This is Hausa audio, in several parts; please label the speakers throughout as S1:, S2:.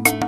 S1: Bye.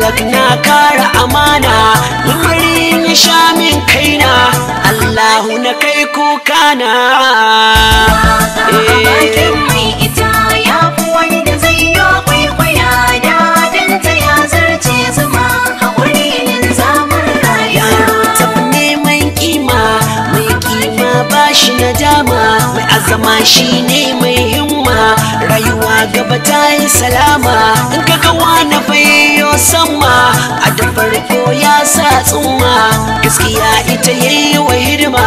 S1: malak na kara amana lamarin ya sha min kaina allahu na kai kuka na eh. ita ya fi wanda zai yi kwaikwaya da danta ya zarce zama shi na dama mai azama shi ne mai himma rayuwa gaba ta yi salama in ka kawa na bayyo sama a da farko ya sa tsumma gaskiya ita ya yi wa hidima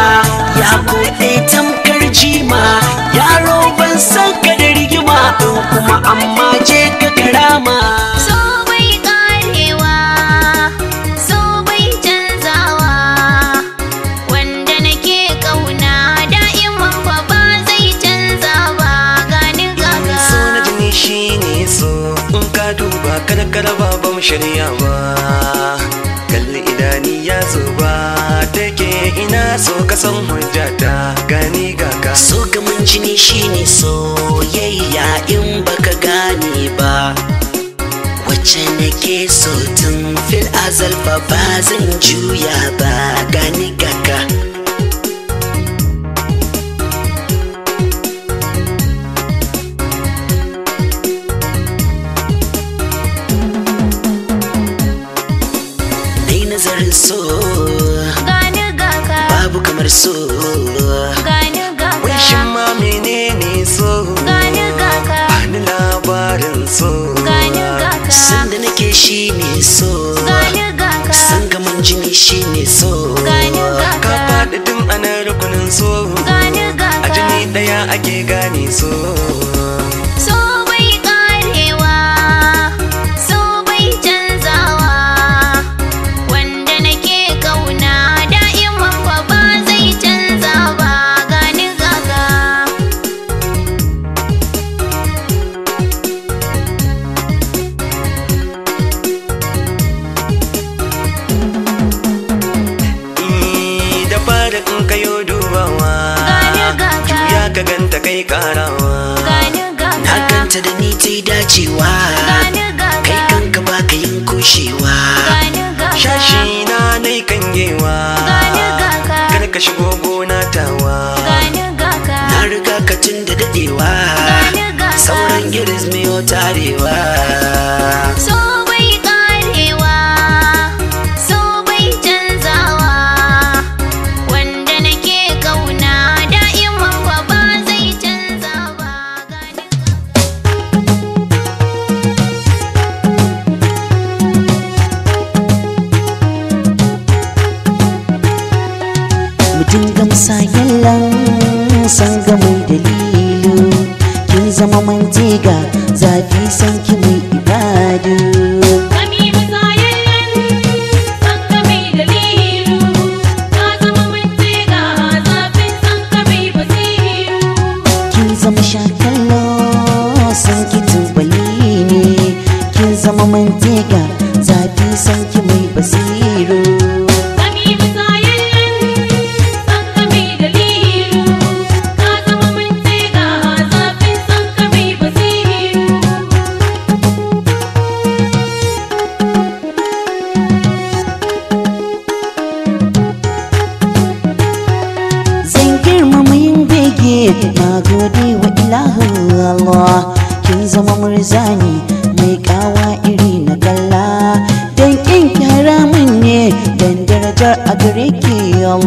S1: ya buɗe tamkar jima yaro ban san ka da rigima kuma amma je ka karama ka ba shirya ba kalli idani ya zuba take ina so ka san hujjata gani ga ka so ga mun jini shine soyayya in baka gane ba wacce nake so tun fil azal ba zan juya ba gani ga kai shi ne so ka faɗi tun ana rukunin so a jini ɗaya ake gane so arewa sauran giris miyo tarewa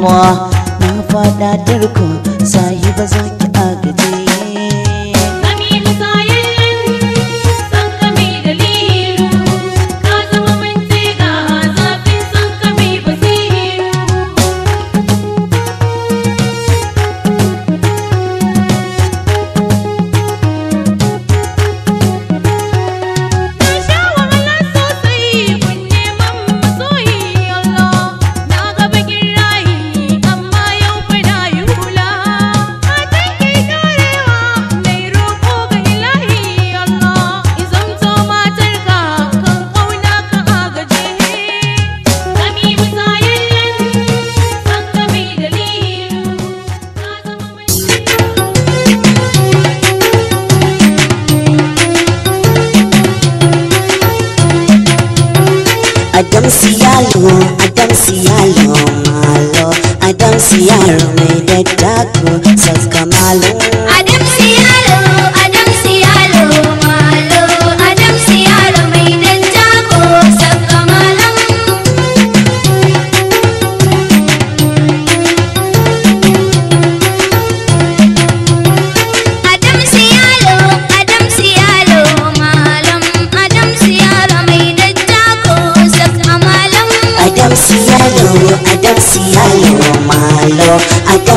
S1: damuwa na faɗa tarko sahi ba zan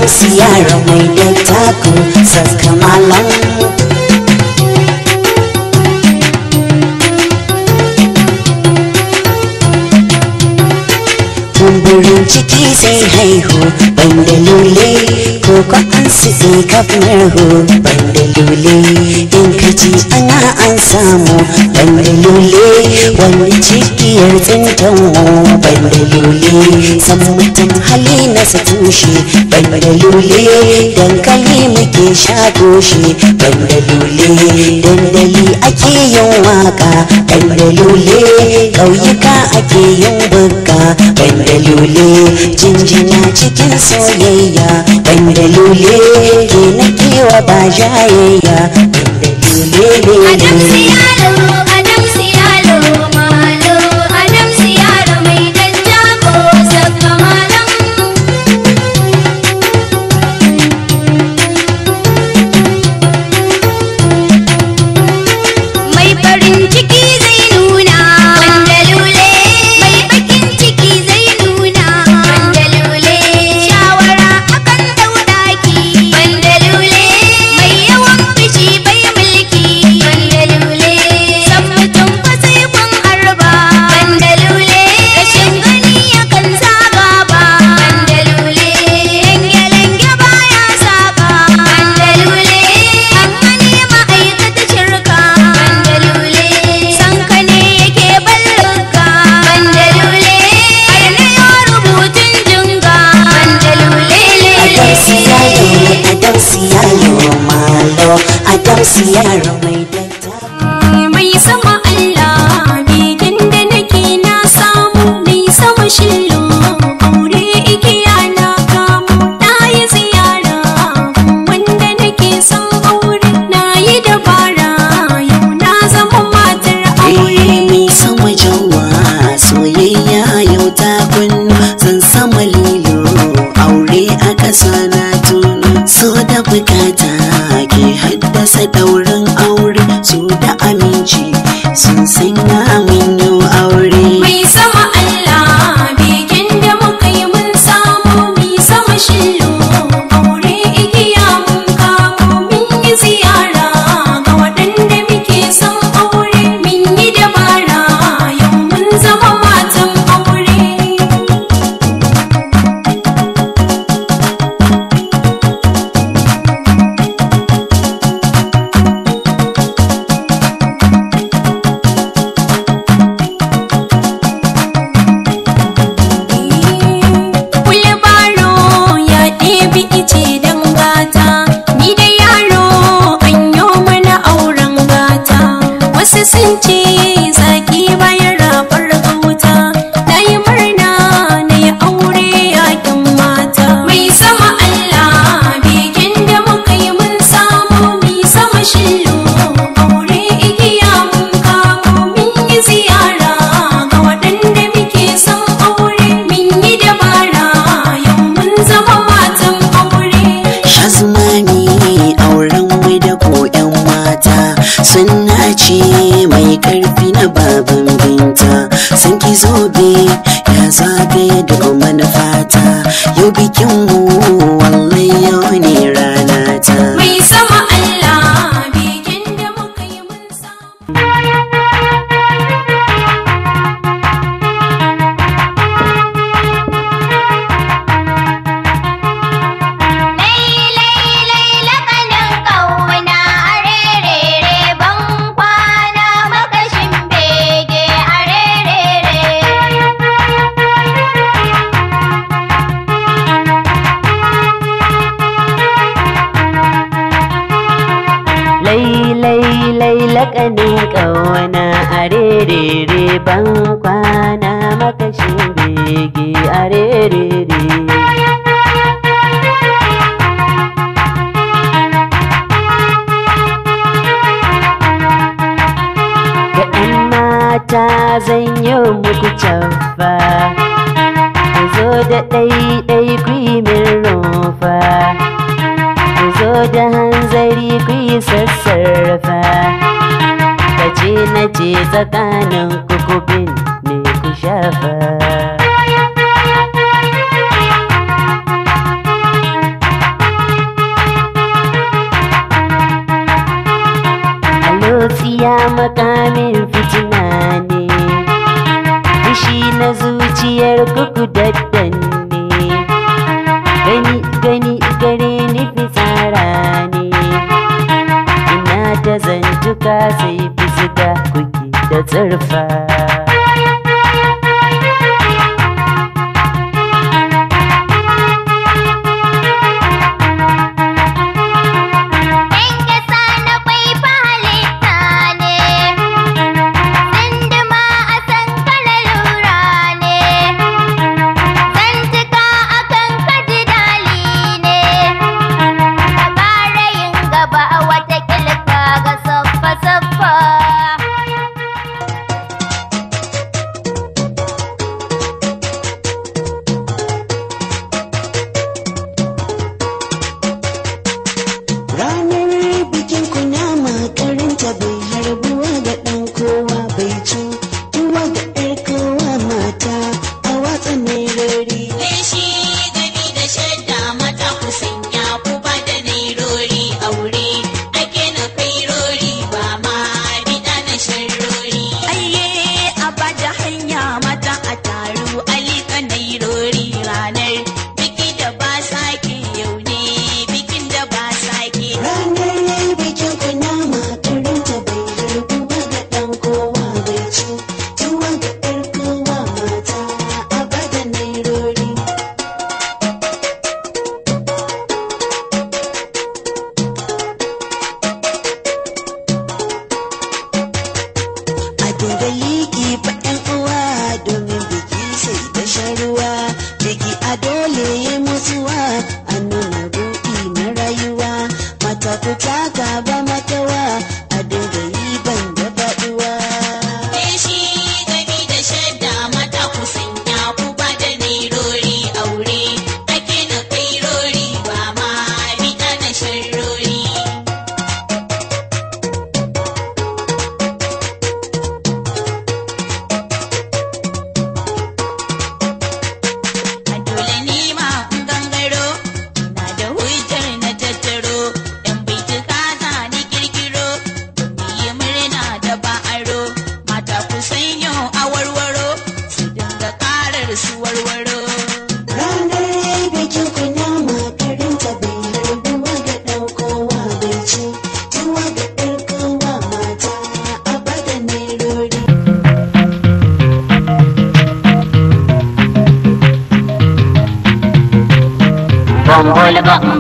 S1: siyara mai da taku saska malam kumburin ciki sai haihu banda lule ko ko an sitse kafin ho banda lule in kaji ana an samu banda lule wani ciki bishiyar tsintan bai da lule san mutum hali na su tushe bai da lule dankali muke sha toshe bai da lule dandali ake yin waka bai da lule ƙauyuka ake yin bukka bai da lule jinjina cikin soyayya bai da lule ke na kewa ba jayayya bai da lule ne Sing singa fata yau bikin mu makamin fitina ne fushi na zuciyar ku daddanne gani gani gare ni fitsara ne ina ta zantuka sai fizga kuke da tsarfa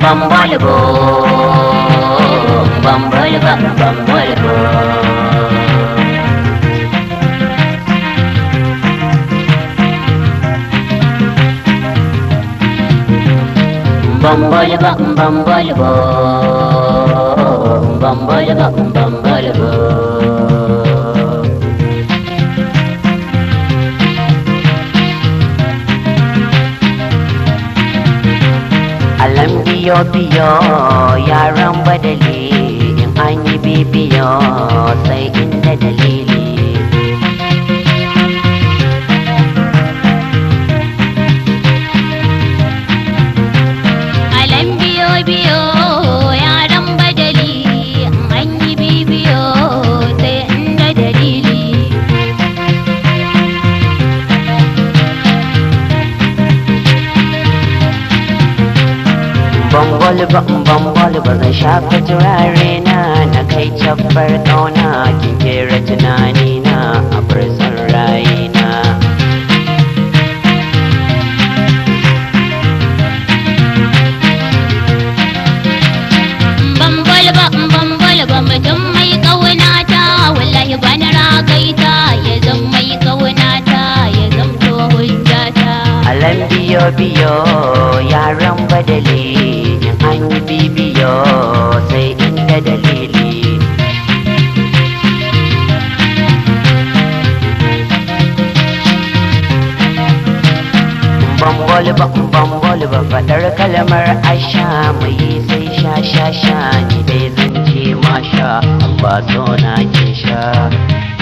S1: bambol bom, bam bom, bam bom. bambol bom bam bom bam bom bambol bom biyo biyo yaran badale in an yi bibiyo sai bambal ba in bambal ba shafa turare na na kai cabbar kauna kin kera tunani a furzan rayi na
S2: bambal ba in bambal ba mutum ba na ragaita ya zammai ƙaunata kauna ta ya
S1: zamto hujjata alam biyo biyo yaran badali abin bibiyo sai inda dalili bambol ba bambol ba fadar kalmar asha mai sai sha sha sha ni dai zan ce masha Allah so na kin sha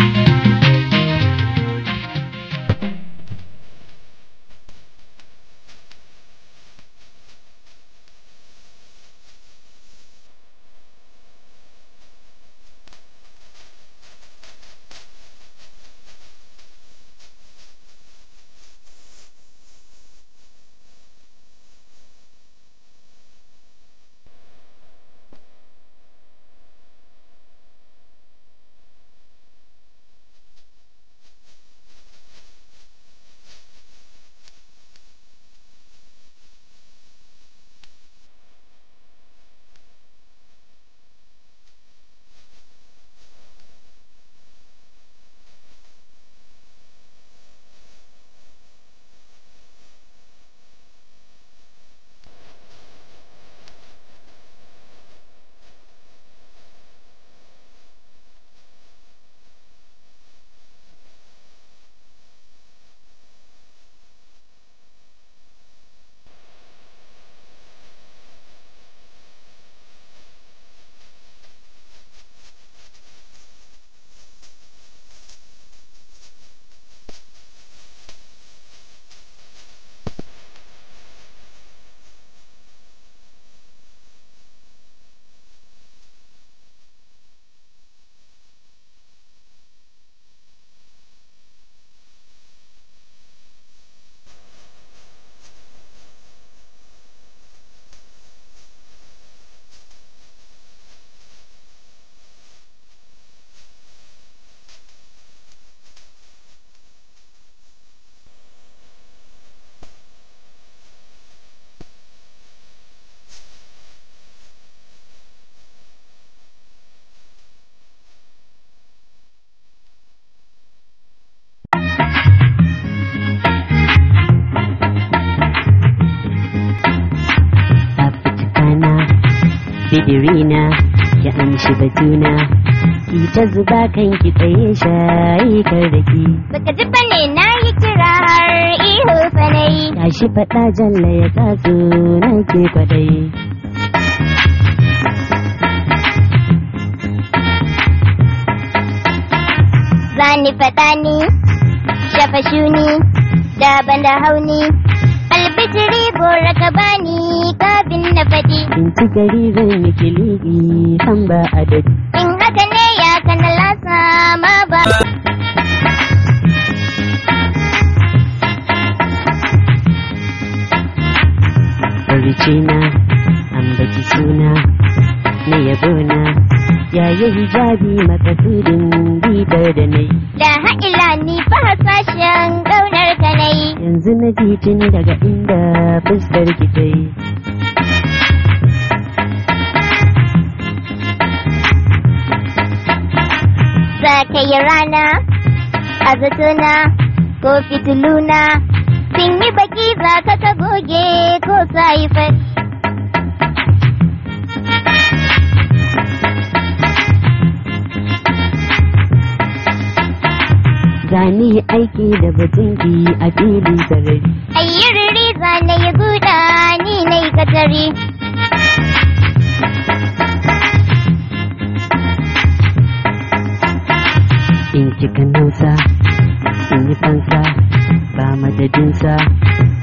S1: ba kan ki tsaye shayi kar da ki.
S2: Baka ji bane na yi kira har ihu fanai.
S1: shi faɗa jalla ya taso nan ke kwadai.
S2: Zani faɗa ni, shafa shuni, daban da hauni, albijiri gora ka bani kabin na faɗi.
S1: Binci gari zan yi kiligi, san ba adadi. ba ambaci suna, na yabo na, yayi hijabi makasudin bidar da na yi.
S2: Da ha'ila ni fa sashen gaunar ka na yi.
S1: Yanzu na ji daga inda fuskar ki ta yi.
S2: yi rana, a zatona, ko fituluna, sun yi baki za ka ta goge ko sai fari.
S1: aiki da batunki a fili sarari.
S2: Ayyuriri zane yi guda ni na yi katari.
S1: in kika nausa in yi fansa ba
S2: madadinsa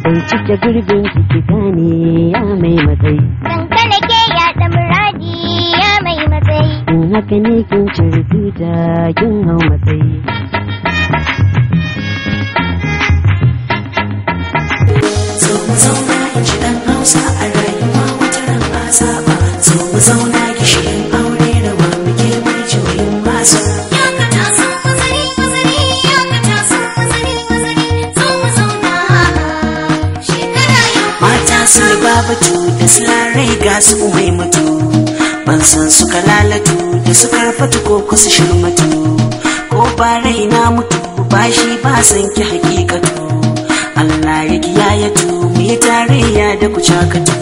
S2: bai cike gurbin kiki gane ya mai matsayi kankana ke yaɗa muradi ya mai matsayi in haka ne kin ci da kin hau matsayi
S1: zo zauna in ji dan hausa a rayuwa wata ran ba saba zo mu zauna ki shirin abatu da sularai ga su umai mutu ban san suka lalatu da su karfatu ko kusa shirmatu ko ba rai na mutu ba shi ba san ki hakikatu Allah ya kiyaye tu mu yi tarayya da ku cakatu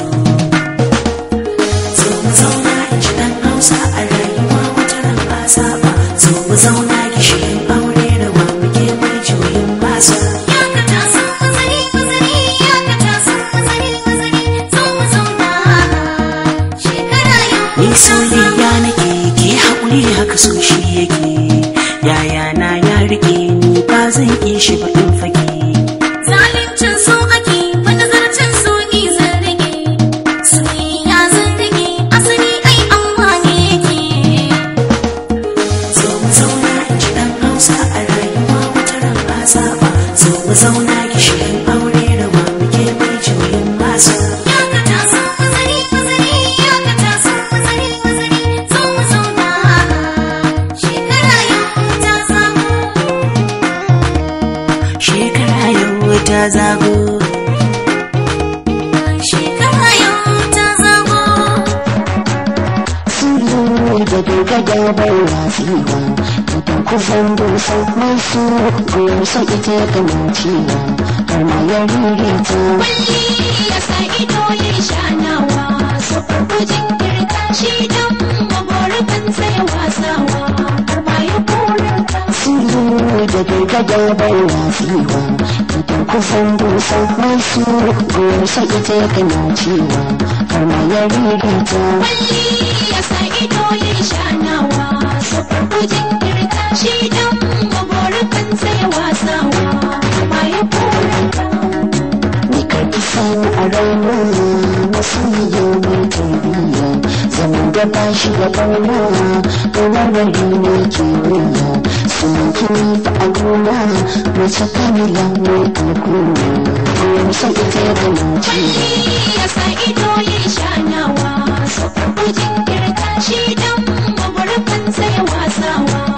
S1: ta ga maciya har ma ya rere ta. Kwalli ya sa ido ya shanawa, sofar bujin girka shi dan maborifin sai wasawa, har ma ya korar ta. Suru da gargada bai wasiwa, idan kusan dusan mai su goyarsa ita ga maciya har ma ya rere ta. Kwalli ya sa ido ya shanawa, sofar bujin girka shi dan gobori kansa ya wasa ma ya kore ni ka isa a rayuwar wasu yau mai tarbiyya zaman da bashi shi da ƙauna ga warware ne ke wuya sun kini ta a gona mace kamila mai alkuna ko san ita ya gana ce ya sa ido ya shanawa so kuma jin girka shi dan gobori kansa ya wasawa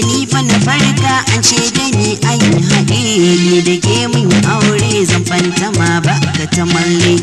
S1: da ni fa na farka an ce da ni an haɗe ni da ke mun aure zan fanta ma ba ka ta malle.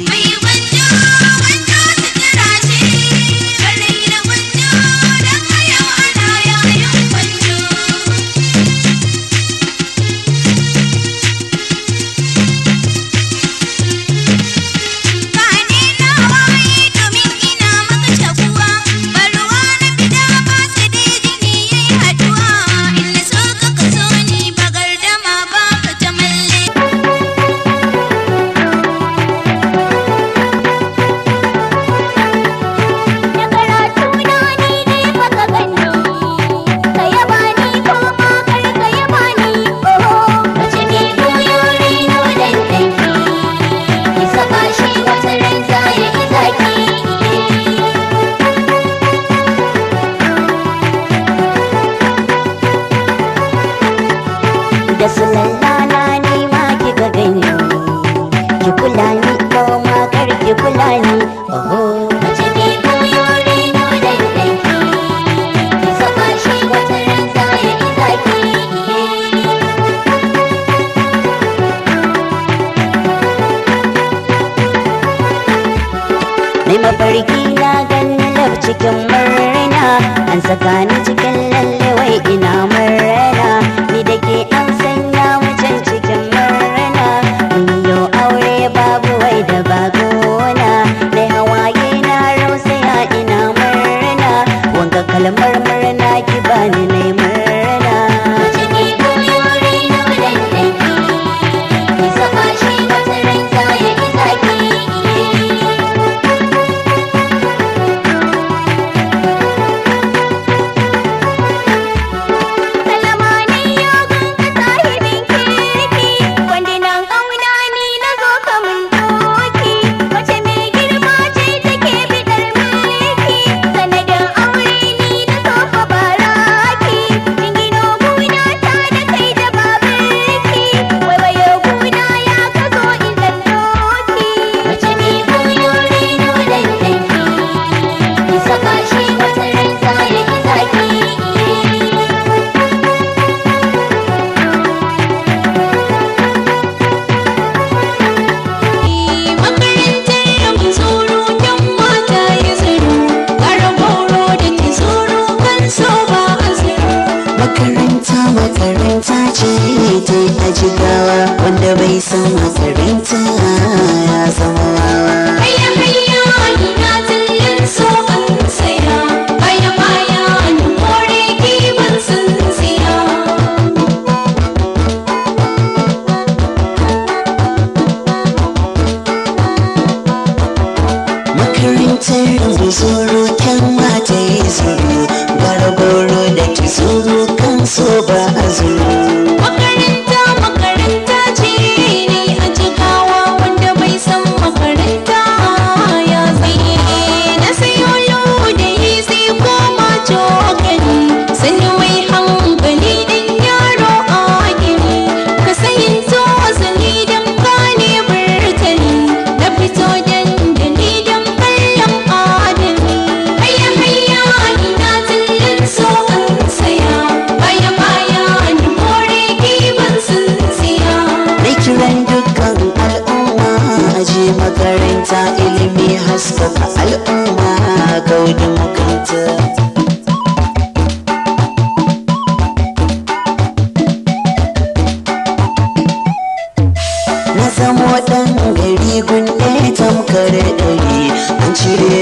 S1: mai mafarki ya gani cikin murna an saka ni cikin wai ina murna an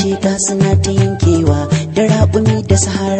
S1: shiga suna ta yankewa da raƙumi da sahara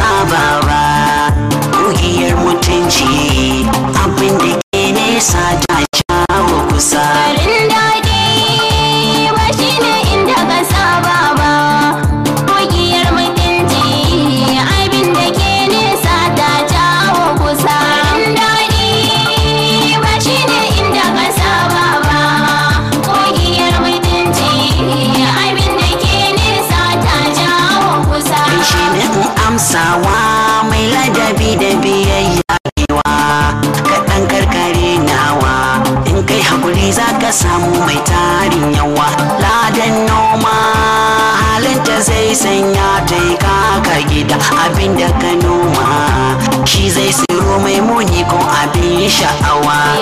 S1: all about gida abinda da ka noma shi zai siro mai muni ko abin sha'awa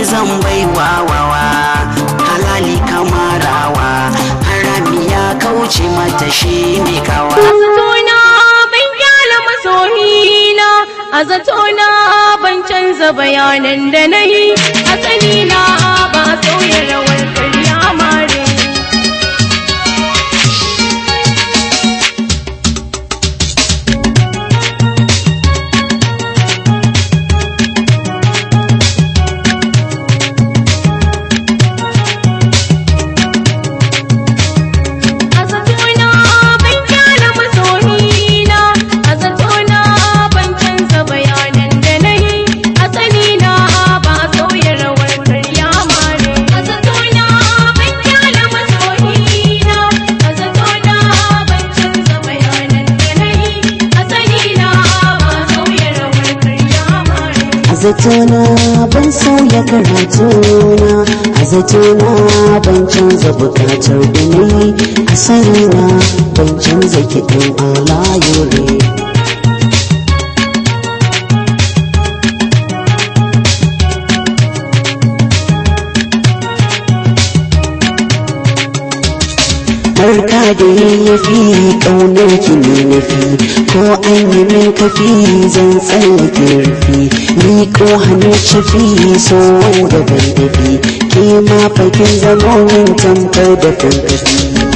S1: ni zan bai wawawa halali kamarawa harami ya kauce mata shi ne kawa azatona ban kyala
S3: masoyina azatona ban canza bayanan da na yi asali na ba sauya rawar karya mara
S1: azatona ban sauya karatuna na ban canza bukatar a asarina ban canza kiɗin alayo da yayyafi ƙaunar ki ne nafi ko an yi min kafi zan tsallake rufi ni ko hannu shafi so wanda ban tafi ke ma fakin zama min tamkar da fantafi